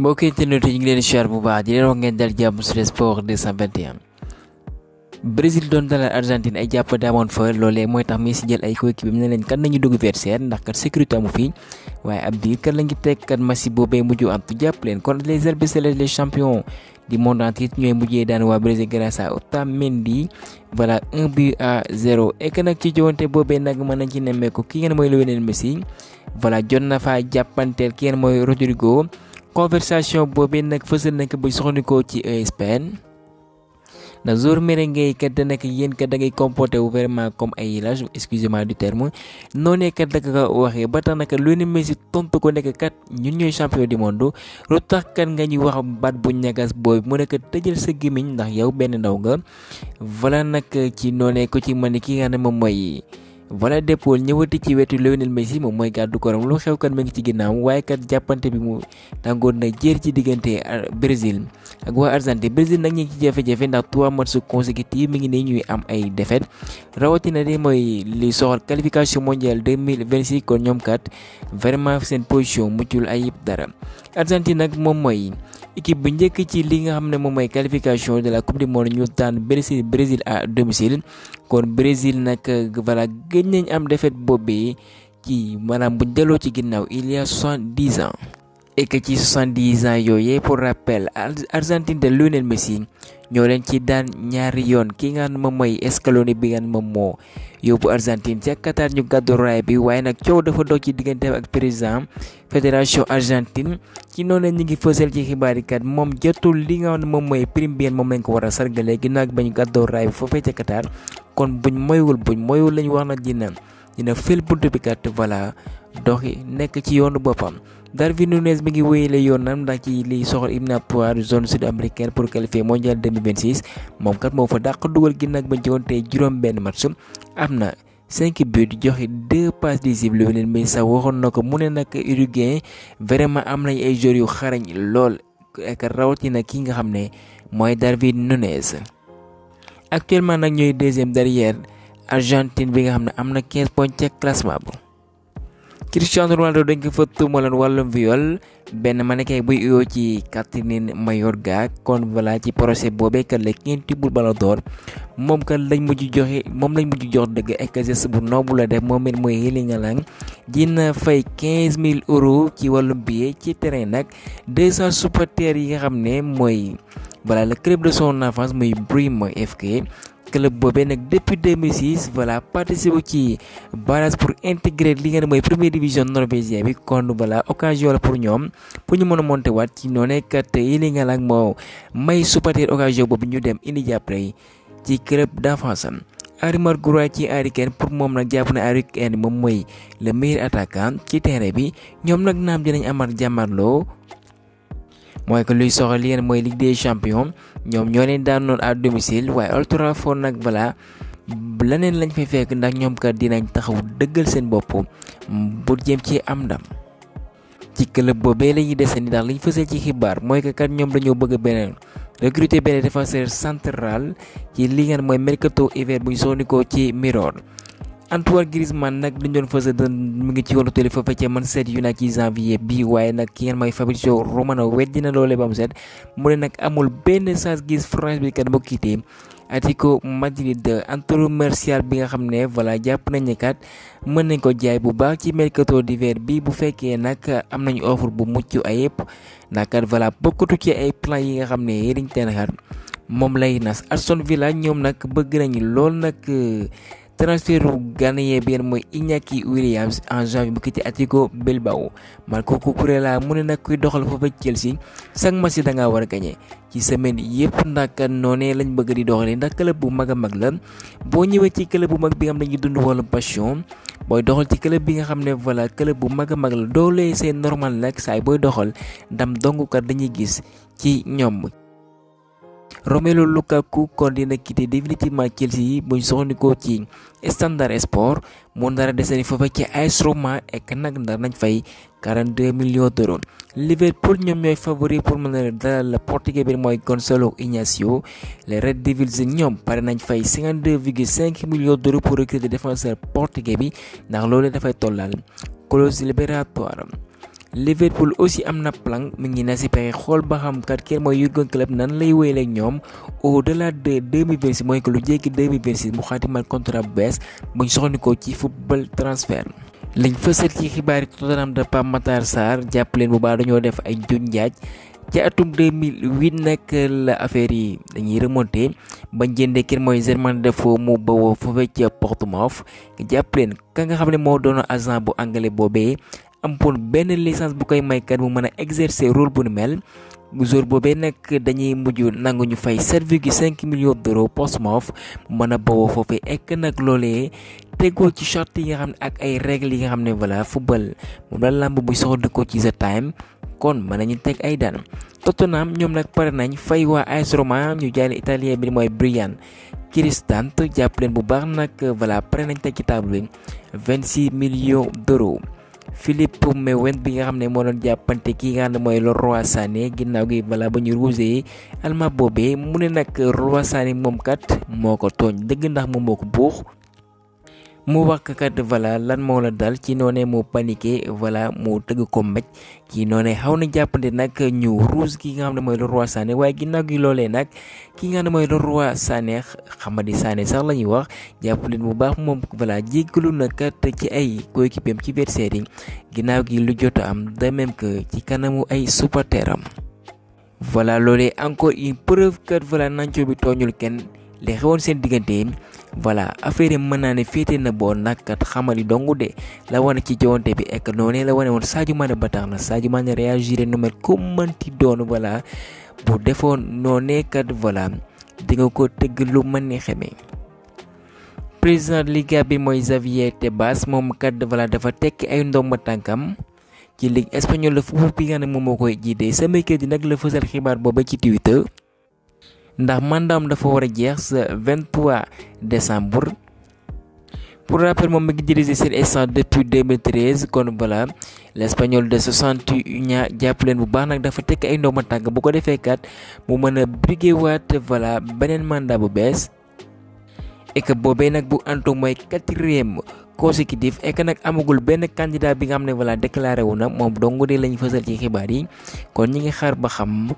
mbokk yi ñu ngi leen di bu baax di leen wax ngeen dal jàmm sur sport 221. Brésil doon dalal Argentine eh, ay jàpp daamoon fa loolee mooy tax Messi jël ay eh, coéquipier bi ne leen kat nañu dugg versaire ndax kat sécurité amu fi waaye ab diir kat lañu teg kat boobee mujj am tu jàpp leen kon les albicelestes les champions du monde en titre ñooy mujjee daan waa Brésil grâce à Otamendi voilà 1 but à 0 et que nag ci jowante boobee nag mën nañ ci nemmeeku ki ngeen mooy Lionel Messi voilà jot na faa jàppanteel ki ngeen mooy Rodrigo. conversation boobu nag fësal na ko ba soxnikoo ci ESPN na jour merengue kat da nekk yéen kat da ngay comporté wu comme ay lâche excusez-moi du terme noonee kat da nga ko waxee ba tax nag lu ne Messi tontu ko nekk kat ñun ñooy champion du monde lu tax kat nga ñuy wax bat bu ñagas boobu mu nekk tëjal sa gémmiñ ndax yow benn ndaw nga voilà nag ci noonee ko ci man ki nga ne moom mooy. voilà Depaul ñëwati ci wetu Lionel Messi moom mooy gàddu koram lu xew kat ma ngi ci ginnaaw waaye kat jàppante bi mu tàngoor na jéer ci diggante euh, Brésil ak waa Argentine Brésil nag ñu ngi ci jafe-jafe ndax trois matchs consécutifs mi ngi ne ñuy am ay défaite rawatina de mooy li soxal qualification mondiale 2026 kon ñoom kat vraiment seen position muccul ayib dara Argentine nag moom mooy équipe bu njëkk ci li nga xam ne moom mooy qualification de la coupe du monde ñu tànn Brésil Brésil à domicile kon Brésil nag voilà gën nañ am défaite boobee ci maanaam bu delloo ci ginnaaw il y a soixante-dix ans et que ci soixante-dix ans yooyee pour rappel Argentine de Lionel Messi. ñoo leen ci daan ñaari yoon ki nga xam moom mooy Scaloni bi nga xam moom moo yóbbu Argentine ca Qatar ñu gàddu raay bi waaye nag coow dafa dox ci digganteem ak président fédération Argentine ci noonu la ñu ngi fësal ci xibaar yi kat moom jotul li nga xam moom mooy prime bi moom lañ ko war a sargalee ginnaaw bañ gàddoo raay bi foofee ca Qatar kon buñ moywul buñ moywul lañu wax nag dina dina fil bunt bi kat voilà doxi nekk ci yoonu boppam. Darwin Nunez mi ngi wéyale yoonam ndax ci liy soxal hymne à poire zone sud américaine pour qualifier mondial 2026 moom kat moo fa dàq dugal ginnaaw ba njegoon tey juróom-benn match am na 5 buts joxe 2 passes décisives lu beneen bi sax waxoon na ko mu ne nag Uruguay vraiment am nañ ay joueurs yu xarañ lool ak rawatina ki nga xam ne mooy Darwin Nunez. actuellement nag ñooy deuxième derrière Argentine bi nga xam ne am na 15 points ca classement bu Cristiano Ronaldo dañ ko fa tuumaloon wàllum viol benn mannequin buy uyoo ci Catherine Mayorga kon voilà ci procès boobee kat la kenn tibbul bala d'Or moom kat lañ mujj joxe moom lañ mujj jox dëgg ak geste bu noobu la def moom it mooy Erling Haaland na fay 15000 euros ci wàllum billet ci terrain nag 200 supporters yi nga xam ne mooy voilà le club de son enfance muy Brim FK. club boobee nag depuis 2006 voilà participer ci barrage pour intégrer li nga ne mooy première division norvégien bi kon voilà occasion la pour ñoom pour ñu mën a monter waat ci noonee kat yéen nga laag moo may supporter occasion boobu ñu dem indi jàppale ci club d'enfance am. Harry Maguire ci Harry pour moom nag jàpp na Harry moom mooy le meilleur attaquant ci terrain bi ñoom nag naam dinañ amaat jàmmarloo. mooy que luy soxal yéen mooy Ligue des champions ñoom ñoo leen daanoon à domicile waaye Old Trafford nag balaa leneen lañ fay fekk ndax ñoom kat dinañ taxawu dëggal seen bopp bu jëm ci am ndam. ci club boobee la ñuy desandi ndax liñ fësal ci xibaar mooy que kat ñoom dañoo bëgg beneen recruter beneen défenseur central ci li ngeen mooy mercato hiver bu ñu soxnikoo ci Mirror. Antoine Griezmann nag li ñu doon fës doon mu ngi ci yoonu télé fa fekkee Manchester United ci janvier bi waaye nag ki ngeen may Fabrizio Romano weddi na loolee ba mu set mu ne nag amul benn chance gis France bi kat ba quitté Atlético Madrid Antonio Martial bi nga xam ne voilà jàpp nañ ne kat mën nañ ko jaay bu baax ci mercato d'hiver bi bu fekkee nag am nañu offre bu mucc ayib ndax kat voilà bokkatu ci ay plan yi nga xam ne yéen dañ teen xar moom lay na Aston Villa ñoom nag bëgg nañu lool nag. transferu ghanéen bi mooy Iñaki Williams en janvier bu quitté Athletic Bilbao man kooku Cucurella mu ne nag kuy doxal foofa Chelsea chaque match da ngaa war a gagné ci semaine yëpp ndax noonee lañ bëgg di doxalee ndax club bu mag a mag la boo ñëwee ci club bu mag bi nga xam ne dañuy dund wàllu passion booy doxal ci club bi nga xam ne voilà club bu mag a mag la doolee c'est normal nag saay booy doxal ndam dongkat dañuy gis ci ñoom. Romelu Lukaku kon dina quitté définitivement Chelsea buñ soxnikoo ci Standard Sport mu ndara desani foofa ci AS Roma ek nag ndar nañ fay 42 de d'euros Liverpool ñoom ñooy favori pour mën a dalal portugais bi mooy Gonçalo Inácio les Red Devils ñoom pare nañ fay 52,5 millions d'euros pour recruter défenseur portugais bi ndax loolu dafay tollal clause libératoire Liverpool aussi am na plan mi ngi na si pexe xool ba xam kat kenn mooy Jurgen Klopp nan lay wéyale ak ñoom au delà de 2026 mooy que lu jéggi 2026 mu xaatimal contrat bu bees buñ soxnikoo ci football transfer. liñ fësal ci xibaar Tottenham de Pape Matar Sarr jàpp leen bu baax dañoo def ay njuñ njaaj ci atum 2008 nag la affaire yi dañuy remonté bañ jëndee kenn mooy Jermain Defoe mu bawoo foofee ca Portsmouth jàpp leen ka nga xam ne moo doon agent bu anglais boobee. Ampun, pour benn licence bu koy may kat mu mën exercer rôle bu mel Guzur boobee nak dañuy mujj nangu ñu fay 7,5 millions d'euros Portsmouth mën a bawoo foofee ek nag loolee tegoo ci charte yi nga xam ak ay règles yi nga voilà football la bu soxla ko ci time kon mën nañu tek ay dan. Tottenham ñoom nag pare nañ fay AS Roma ñu jaay italien bi Brian Cristante jàpp leen bu baax nag voilà pare nañ teg ci table 26 millions d'euros Philippe Mewen bi nga xam ne moo doon jàppante ki nga xam ne mooy Leroy Sané ginnaaw gi bala ba ñu ruusee almaa boobee mu ne nag Leroy Sané moom kat moo ko tooñ dëgg ndax moom moo ko buux mu wax kat voilà lan moo la dal ci noonee mu paniqué voilà mu tëgg ko mbéj ci noonee xaw na jàppante nag ñu ruus ki nga xam ne mooy le roi Sané waaye ginnaaw gi loolee nag ki nga xam ne mooy le roi Sané xamadi Sané sax la ñuy wax jàppaleen bu baax moom voilà jéggalu na kat ci ay coéquipier am ci adversaire yi ginnaaw gi lu jot am de même que ci kanamu ay supporter am. loolee encore une preuve que voilà Nacho bi tooñul kenn. li xewoon seen diggante voilà affaire yi mën naa ne féete na boo nakkat kat xamal yi dong de la wane ci jowante bi ek noonu la wane woon Sadio ba tax na Sadio Mané réagir nu mel comme mënti doon voilà bu defoon noonee kat voilà di nga ko tëgg lu mën ni xeme président Liga bi mooy Xavier Tebas moom kat voilà dafa tekki ay ndomba tànkam ci ligue espagnole la football bi nga xam ne moom moo koy jiite samay kër di nag la fësal xibaar booba ci Twitter. ndax mandaam dafa war a jeex sa 23 décembre pour rappel moom mi ngi dirigé seen instant depuis 2013 kon voilà l' espagnol de 61 ans jàpp leen bu baax nag dafa tekk ay ndooma tànk bu ko defee kat mu mën a brigué voilà beneen mandat bu bees et que boobee nag bu anto mooy quatrième consécutif et que nak amagul benn candidat bi nga xam ne voilà déclaré wu na moom de lañ fësal ci xibaar yi kon ñi ngi xaar ba xam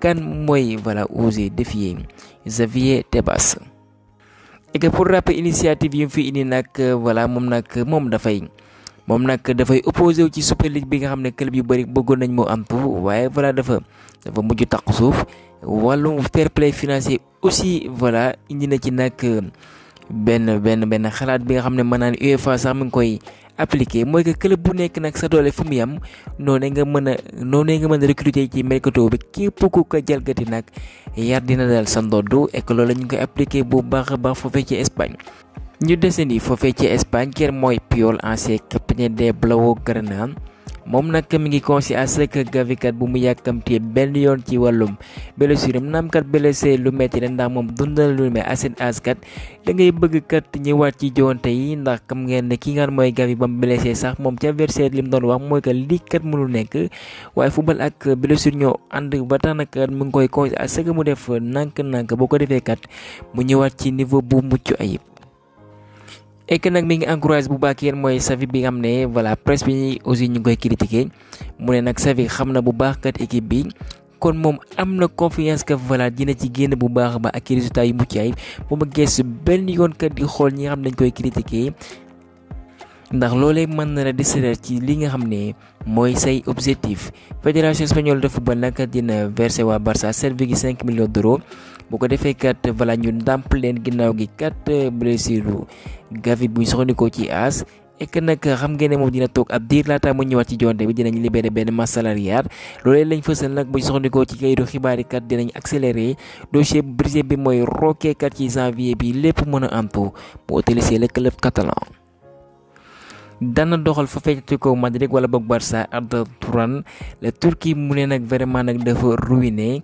kan mooy voilà oser défier Xavier Tebas et que pour rappeler initiative yi mu fi indi nag voilà moom nag moom dafay moom nag dafay opposé wu ci super league bi nga xam ne club yu bëri bëggoon nañ moo am foofu waaye voilà dafa dafa mujj taq suuf wàllum fair play financier aussi voilà indi na ci nag. benn benn benn xalaat bi nga xam ne mën naa ne UEFA sax mi ngi koy appliqué mooy que club bu nekk nag sa doole fu mu yem noonu nga mën a noonu nga mën a ci mercato bi képp ku ko jalgati nag yar dina dal sa ndodd et que loolu la ñu koy appliqué bu baax baax foofee ci Espagne. ñu desandi foofee ci Espagne kenn mooy Puyol ancien capitaine des Blaugrana moom nag mi ngi consi à ce que Gavi bu mu yàkkamtee benn yoon ci wàllum blessure am naam kat blessé lu metti la ndax moom dundal lu mais aset as kat da bëgg kat ñëwaat ci joonte yi ndax xam ngeen ne ki nga mooy Gavi ba mu blessé sax moom ca verset li mu doon wax mooy que lii kat mënul nekk waaye football ak blessure ñoo ànd ba tax nag mu ngi koy consi à ce mu def nànk-nànk boo ko defee kat mu ñëwaat ci niveau bu mucc ayib. et nag mi ngi encourage bu baax yéen mooy Xavi bi nga xam ne voilà presse bi aussi ñu ngi koy critiquer mu ne nag Xavi xam na bu baax kat équipe bi. kon moom am na confiance que vala dina ci génn bu baax ba ak résultat yu mucc ayib bu ma gëstu benn yoon kat di xool ñi nga xam dañ koy critiquer ndax loolee mën na la distraire ci li nga xam ne mooy say objectif fédération espagnole de football nag dina verse waa Barça 7,5 millions d'euros boo ko defee kat voilà ñu ndàmp leen ginnaaw gi kat blessure Gavi buñ soxandikoo ci as et nag xam ngeen ne moom dina toog ab diir laata mu ñëwaat ci jonte bi dinañ libéré benn masse salariale loolee lañ fësal nag buñ soxandikoo ci kayitu xibaari kat dinañ accéléré dossier budget bi mooy rokkee ci janvier bi lépp mën a antu mu utilisé le club catalan. dana doxal fa fekkati ko Madrid wala boog Barça Arda Turan la Turquie mu ne nag vraiment nag dafa ruiné.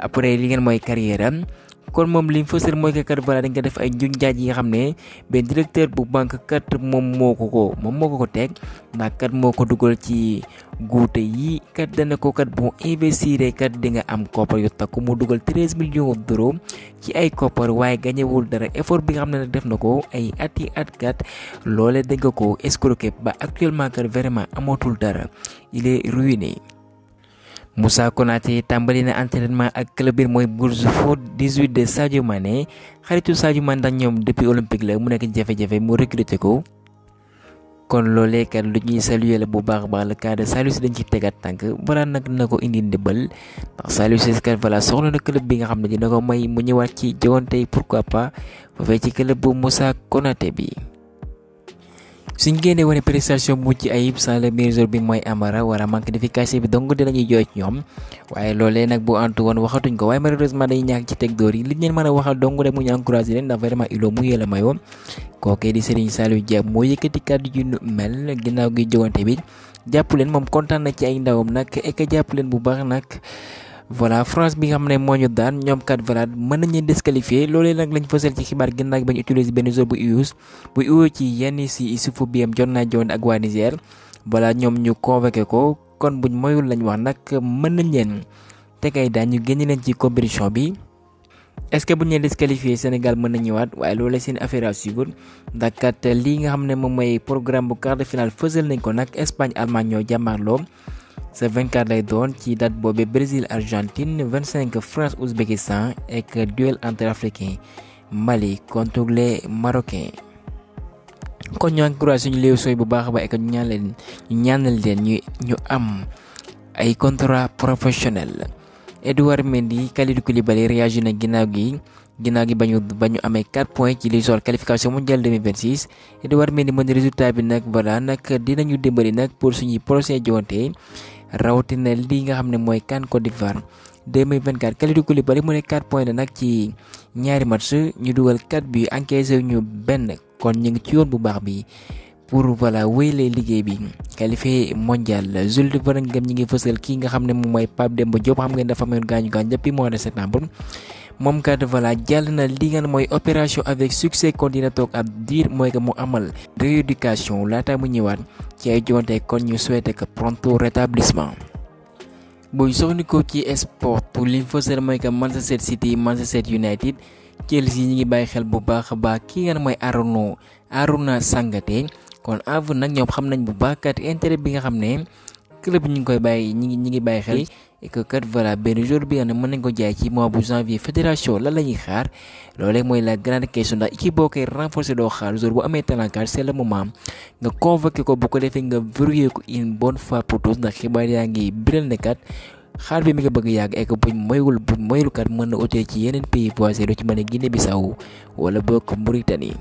après li ngeen mooy carrière am kon moom li ñu fësal mooy que kat voilà dañ ko def ay njuñjaaj yi xam ne benn directeur bu banque kat moom moo ko ko moom moo ko ko teg ndax kat moo ko dugal ci guute yi kat dana ko kat boo investir kat di nga am koppar yu takku mu dugal treize millions d'euros ci ay koppar waaye gañewul dara effort bi nga xam ne nag def na ko ay at yi at kat loole dañ ko ko ba actuellement kat vraiment amatul dara il est ruiné. Moussa Konaté tàmbali na entraînement ak club bi mooy Bourse Foot 18 de Sadio Mané xaritu Sadio Mané ndax ñoom depuis olympique la mu nekk jafe-jafe mu recruté ko. kon loolee kat lu ñuy saluer la bu baax a baax le cas de Saliou Ciss dañ ci tegaat tànk balaa nag na ko indi ndëbal ndax Saliou Ciss kat voilà soxla na club bi nga xam ne dina ko may mu ñëwaat ci jogante pourquoi pas bu fee ci club bu Moussa Konaté bi. suñ génnee wane prestation mucc ayib sans le meilleur bi mooy Amara wala manque d'efficacité bi dong di la ñuy jooy ñoom waaye loolee nag bu antu woon waxatuñ ko waaye malheureusement dañuy ñàkk ci teg dóor yi li leen mën a waxal dong rek mu ñu leen ndax vraiment ilo mu yéela mayoon kookee di Serigne Saliou moo yëkkati kàddu yu mel ginnaaw gi jogante bi jàpp leen moom kontaan na ci ay ndawam nag ek jàpp leen bu baax nag voilà France bi nga xam ne moo ñu daan ñoom kat voilà mën nañu disqualifié loolee nag lañ fësal ci xibaar ginnaaw ba ñu utilisé benn zone bu US bu UE ci yenn si suufu biyam jot naa joon ak waa Niger voilà ñoom ñu convoqué ko kon buñ moyul lañ wax nag mën nañ leen te kay daan ñu génn leen ci compétition bi. est ce que buñ leen disqualifié Sénégal mën na ñëwaat waaye loolee seen affaire à suivre ndax kat lii nga xam ne moom mooy programme bu quart de finale fësal nañ ko nag Espagne Allemagne ñoo jàmmaarloo. sa 24 lay doon ci date boobe Brésil Argentine 25 France Ouzbékistan ak duel entre africain Mali contre les Marocains. kon ñoo ngi croisé suñu léew sooy bu baax a baax ak ñu ñaan leen ñu ñaanal leen ñu ñu am ay contrat professionnel Edouard Mendy Kalidou Koulibaly réagi na ginnaaw gi. ginnaaw gi bañu ba ñu amee 4 points ci li soxla qualification mondiale 2026 Edouard Mendy résultat bi nag balaa nag dinañu dimbali nag pour suñuy prochain joŋante rawatina lii nga xam ne mooy CAN Côte d'Ivoire 2024 Kalidou Koulibaly mu ne 4 points la ci ñaari match ñu dugal 4 bi encaissé ñu benn kon ñu ngi ci yoon bu baax bi pour voilà wéyale liggéey bi qualifié mondial Jules Riverengue ñu ngi fësal kii nga xam ne moom mooy Pape Demba Diop xam ngeen dafa amoon gaañu gaañ depuis mois de septembre. moom kat voilà jàll na li ngeen mooy opération avec succès kon dina toog ab diir mooy que mu amal rééducation laata mu ñëwaat ci ay jonte kon ñu souhaité que pronto rétablissement. buy soxnikoo ci sport pour li fësal mooy que Manchester City Manchester United Chelsea ñi ngi bàyyi xel bu baax a baax ki ngeen mooy Arnaud na Sangate kon av nag ñoom xam nañ bu baax kat intérêt bi nga xam ne. club ñu ngi koy bàyyi ñi ngi ñi ngi bàyyi xel et que kat voilà benn jour bi nga ne mën nañ ko jaay ci mois bu janvier fédération lan la ñuy xaar loolee mooy la grande question ndax équipe boo koy renforcer doo xaar jour bu amee talent car c'est moment nga convoqué ko bu ko defee nga verrouiller ko une bonne fois pour tous ndax xibaar yaa ngi biral ne kat xaar bi mi nga bëgg yàgg ek buñ moyul buñ moyul kat mën na otee ci yeneen pays voisins ci mën a Guinée Bissau wala bokk Mauritanie.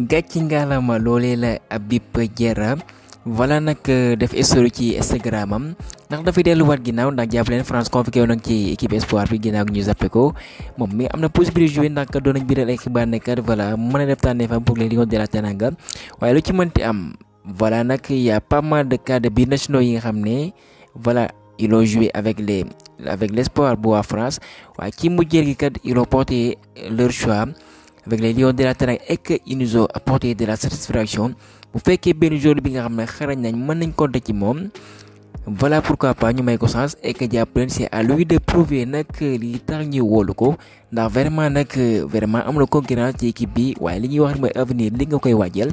gàcci ngaalama loolee la Habib Diarra voilà nak euh, def histoire ci Instagram am ndax dafay wat ginaaw ndax japp len France convoqué won ci équipe espoir bi ginaaw ñu zappé ko moom mi amna na possibilité jouer ndax do nañ biral ay xibaar nekkat voilà mën a def tànneefam pour les Lions de la Teranga waaye lu ci mënti am voilà il y a pas mal de cadres bi binationaux yi nga xam voilà ils ont joué avec les avec l'espoir bois France waaye ci mujjeel gi kat ils ont porté leur choix avec les Lions de la Teranga et que ils nous ont apporté de la satisfaction. bu fekkee benn joueur bi nga xam ne xarañ nañ mën nañ compter ci moom voilà pourquoi pas ñu may ko chance et que jàpp leen c'est à lui de prouver nag li tax ñuy woolu ko ndax vraiment nag vraiment am na concurrence ci équipe bi waaye li ñuy wax mooy avenir li nga koy waajal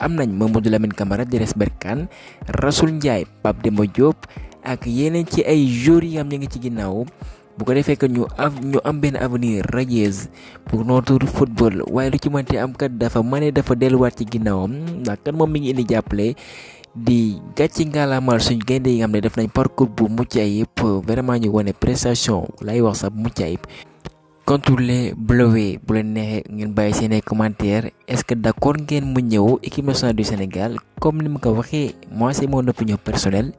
am nañ Mamadou Lamine Camara Dress Berkane Rasoul Ndiaye Pape Demba Diop ak yeneen ci ay joueurs yi am ñu ngi ci ginnaaw bu ko defee que ñu am ñu am benn avenir radieuse pour notre football waaye lu ci mënti am kat dafa mane dafa delluwaat ci ginnaawam ndax kan moom mi ngi indi jàppale di gàcci ngalaamaal suñ gaynde yi nga ne def nañ parcours bu mucc ayib vraiment ñu wane prestation lay wax sax mucc ayib contre les Bleus bu leen neexee ngeen bàyyi seen i commentaires est-ce que d'accord ngeen mu ñëw équipe nationale du Sénégal comme ni ma ko waxee moi c'est mon opinion personnelle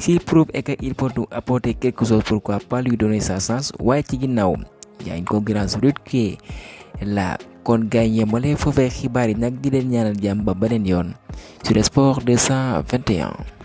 S'il prouve et qu'il peut nous apporter quelque chose, pourquoi pas lui donner sa chance waaye ci ginnaawam il y a une concurrence rude kon gaañee ma lay foofee xibaar yi nag di leen ñaanal jàmm ba beneen yoon sur le de 221.